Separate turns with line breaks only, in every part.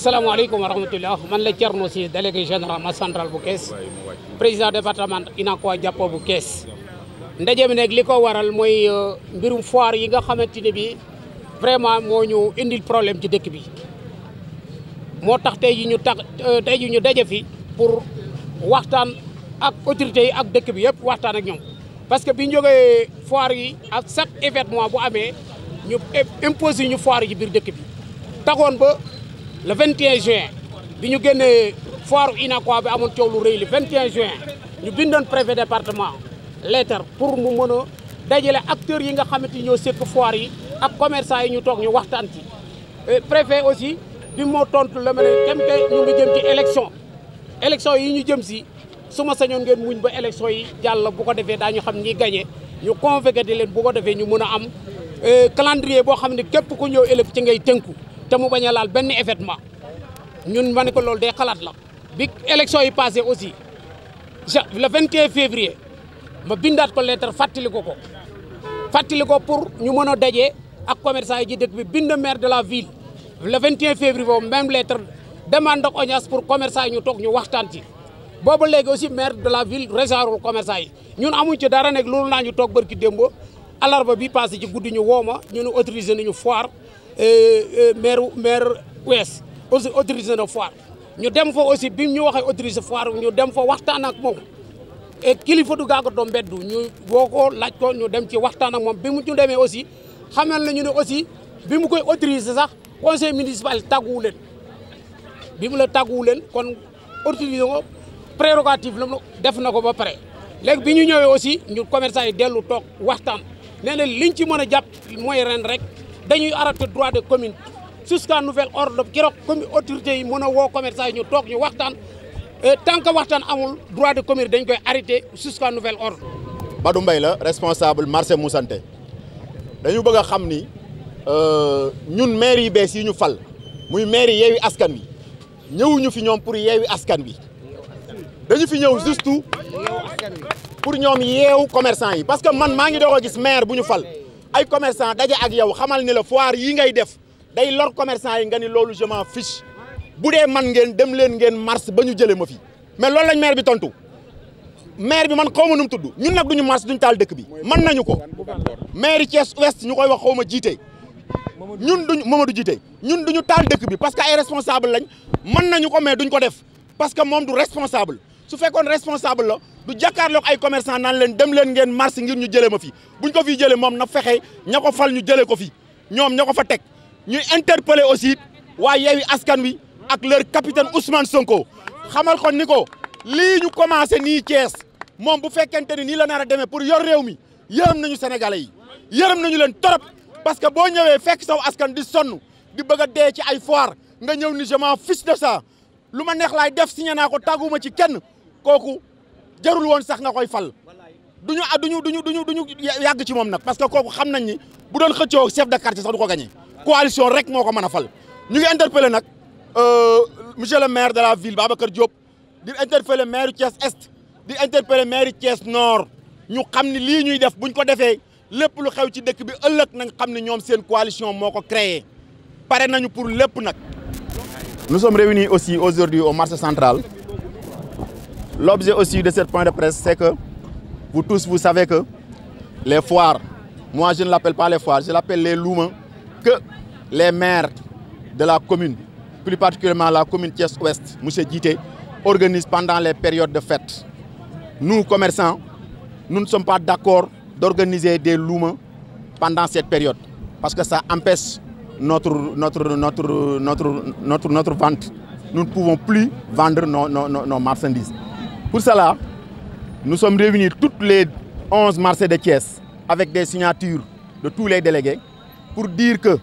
salaamaaleykum wa rahmatullah man la Thierno Sy délégué général ma central bu kees président département Unacois Jappo bu kees ndaje mi nag li ko waral mooy euh, mbirum foire yi nga xamante ne bi vraiment moo ñu indil problème ci dëkk bi moo tax tey ji ñu tax euh, tey ji ñu daje fi pour waxtaan ak autorités yi ak dëkk bi yëpp waxtaan ak ñoom parce que bi ñu jógee foire yi ak chaque événement bu amee ñu imposé ñu foire yi ci biir dëkk bi taxoon ba le 21 juin bi ñu génnee foire UNACOIS bi amoon coow lu rëy vingt 21 juin ñu bindoon préfet département lettre pour mu mën dajale acteurs yi nga xamante ni ñoo sekk foire yi ak commerçant yi ñu toog ñu waxtaan ci. Euh, préfet aussi bi moo tontu la ma ne dem ñu ngi jëm ci élection élection yi ñu jëm si su ma sañoon ngeen muñ ba élection yi jàll bu ko daa ñu xam ñi gagné ñu convoqué di leen bu ko defee ñu mën a am euh, calendrier boo xam ne képp ku ñëw élec ci ngay tënku. te mu bañ a laal benn événement ñun ma ne ko loolu xalaat la bi élection yi passé aussi le 21 février ma bindaat ko lettre fàttali ko ko fàttali ko pour ñu mën a daje ak commerçant ji ci dëkk bi bind maire de la ville le 21 février boobu même lettre demande ak audience pour yi ñu toog ñu waxtaan ci boobu léegi aussi maire de la ville réserve commerçant yi ñun amuñ ci dara nekk loolu naa ñu toog barki démbo alarba bi passé ji guddi ñu woo ma ñu ne autorisé nañu foire maire maire Ouest aussi autorisé na foire ñu dem fa aussi bi ñu waxee autorisé foire ñu dem fa waxtaan ak moom et kilifa du gaago do mbeddu ñu woo ko laaj ko ñu dem ci waxtaanak moom bi mu ñu demee aussi xamal nañu ne aussi bi mu koy autorisé sax conseil municipal tàgguwu leen bi mu la tàgguwu leen kon autorisé ko prérogative la def na ko ba pare léegi bi ñu ñëwee aussi ñu commerçant yi dellu toog waxtaan nee na liñ ci mën a jàpp mooy ren rek dañuy arrêté droit de commune jusqu'à nouvel ordre keroog comme autorité yi mën a woo commerçant ñu toog ñu waxtaan euh, tant que waxtaan amul droit de commune koy arrêté jusqu'à nouvel ordre.
Badou Mbaye la responsable marché Moussante dañu bëgg a xam ni euh, ñun maire yi bees yi fal muy maire yi askan wi ñëwuñu fi ñoom pour yeewi askan wi dañu fi ñëw juste pour ñoom yeewu commerçant yi parce que man maa ngi doog a gis maire bu ñu fal. ay commerçant daje ak yow xamal ni la foire yi ngay def day lor commerçant yi nga ni loolu je m'en fiche bu dee man ngeen dem leen ngeen mars ba ñu jëlee ma fi mais loolu lañ maire bi tontu maire bi man xaw ma nu mu tudd ñun nag ñu mars duñu taal dëkk bi mën nañu ko maire Thiès Ouest ñu koy wax xaw ma jiite ñun duñ du jiite ñun du ñu taal dëkk bi parce que ay responsable lañ mën nañu ko mais duñ ko def parce que moom du responsable su fekkoon responsable du jàkkaarloog ay commercant naan leen dem leen ngeen marche ngir ñu jëlee ma fi buñ ko fi jëlee moom na fexe ña ko fal ñu jëlee ko fi ñoom ña ko fa teg ñuy interpeller aussi waa Yewwi Askan Wi ak leur capitaine Ousmane Sonko xamal ko ni ko lii ñu commencé nii Thiès moom bu fekkente ni nii la naar a demee pour yor réew mi yërëm nañu sénégalais yi yërëm nañu leen torop parce que boo ñëwee fekk saw askan di sonn di bëgg a dee ci ay foire nga ñëw ni je fis fiche de ça lu ma neex laay def signé naa ko tàgguma ci kenn kooku jarul woon sax nga koy fal du ah duñu duñu duñu duñu yàgg ci moom nag parce que kooku xam nañ ni bu doon xëccoo chef de quartier sax du ko gagné coalition rek moo ko mën a fal ñu ngi interpellé nag euh, monsieur le maire de la ville Babacar Diop di interpellé maire Thiès Est di interpellé maire Thiès Nord ñu xam ni lii ñuy def bu ñu ko defee lépp lu xew ci dëkk bi ëllëg nañ xam ne ñoom seen coalition moo ko créé pare nañu pour lépp nag nous sommes réunis aussi aujourd'hui au marché central L'objet aussi de ce point de presse, c'est que vous tous, vous savez que les foires, moi je ne l'appelle pas les foires, je l'appelle les loumans, que les maires de la commune, plus particulièrement la commune Thiès-Ouest, M. Djité, organise pendant les périodes de fête. Nous, commerçants, nous ne sommes pas d'accord d'organiser des loumans pendant cette période, parce que ça empêche notre, notre, notre, notre, notre, notre vente. Nous ne pouvons plus vendre nos marchandises. Pour cela, nous sommes réunis toutes les 11 marchés de Thiès avec des signatures de tous les délégués pour dire que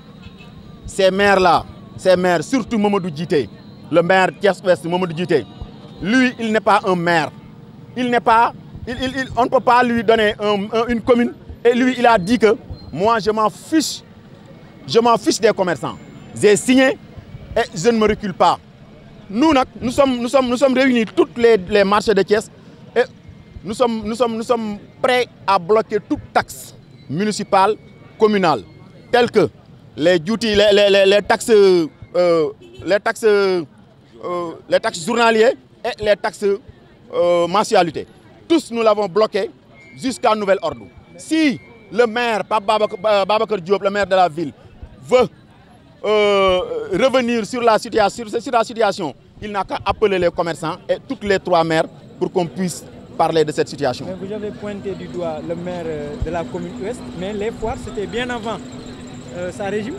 ces maires-là, ces maires, surtout Mamadou Djité, le maire Thiès-Ouest Mamadou Djité, lui, il n'est pas un maire. Il n'est pas, il, il, il, on ne peut pas lui donner un, un, une commune. Et lui, il a dit moi, je m'en fiche, je m'en fiche des commerçants. J'ai signé et je ne me recule pas. nous nag nous sommes nous sommes nous sommes réunis toutes les les marchés de Thiès et nous sommes nous sommes nous sommes prêts à bloquer toute taxe municipale communale telle que les duties les les les taxes euh, les taxes euh, les taxes journalières et les taxes euh, mensualités tous nous l'avons bloqué jusqu'à nouvelle ordre si le maire Pape Babacar Diop le maire de la ville Euh, euh, revenir sur la, sur, sur la situation, il n'a qu'à les commerçants et toutes les trois maires pour qu'on puisse parler de cette situation. Mais vous avez pointé du doigt le maire euh, de la commune ouest, mais les foires, c'était bien avant euh, sa régime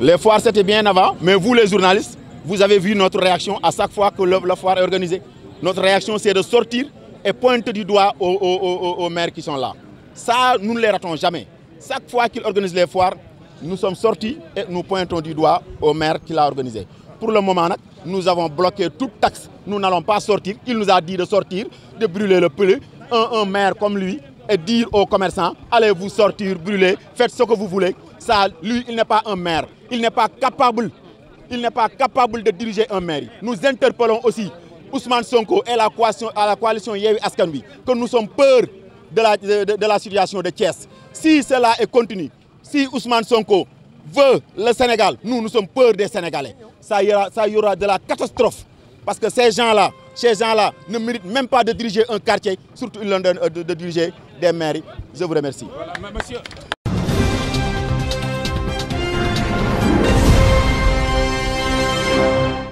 Les foires, c'était bien avant, mais vous, les journalistes, vous avez vu notre réaction à chaque fois que la foire est organisée. Notre réaction, c'est de sortir et pointer du doigt aux, aux, aux, aux maires qui sont là. Ça, nous ne les ratons jamais. Chaque fois nous sommes sortis et nous pointons du doigt au maire qui l'a organisé. Pour le moment, nous avons bloqué toute taxe. Nous n'allons pas sortir. Il nous a dit de sortir, de brûler le pneu. Un, un maire comme lui, et dire au commerçant allez-vous sortir, brûler, faites ce que vous voulez. Ça, lui, il n'est pas un maire. Il n'est pas capable. Il de diriger un maire. Nous interpellons aussi Ousmane Sonko et la coalition, à la coalition Yewi Askanwi que nous sommes peur de la, de, de, de la situation de si Ousmane Sonko veut le Sénégal, nous, nu sommes peur des Sénégalais. sa y aura, ça y de la catastrophe. Parce que ces gens-là, ces gens-là ne méritent même pas de diriger un quartier, surtout ils de, euh, de, de diriger des mairies. Je vous remercie.